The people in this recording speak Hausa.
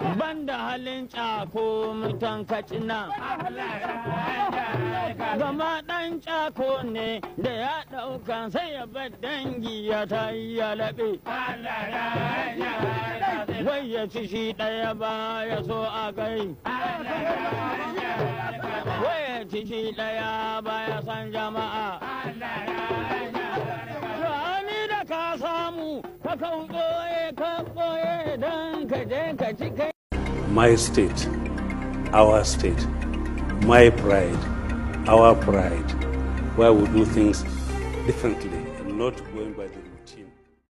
Banda halin cako mutan kacina. Gama ɗan cako ne da ya ɗauka sai ya bar dangi ya ta yi ya laɓe. Wai ya ci shi ɗaya ba ya so a kai. Wai ya ci shi ɗaya ba ya san jama'a. Rani da ka samu, ka kan ɓoye, ka ɓoye dan My state, our state, my pride, our pride, where we do things differently and not going by the routine.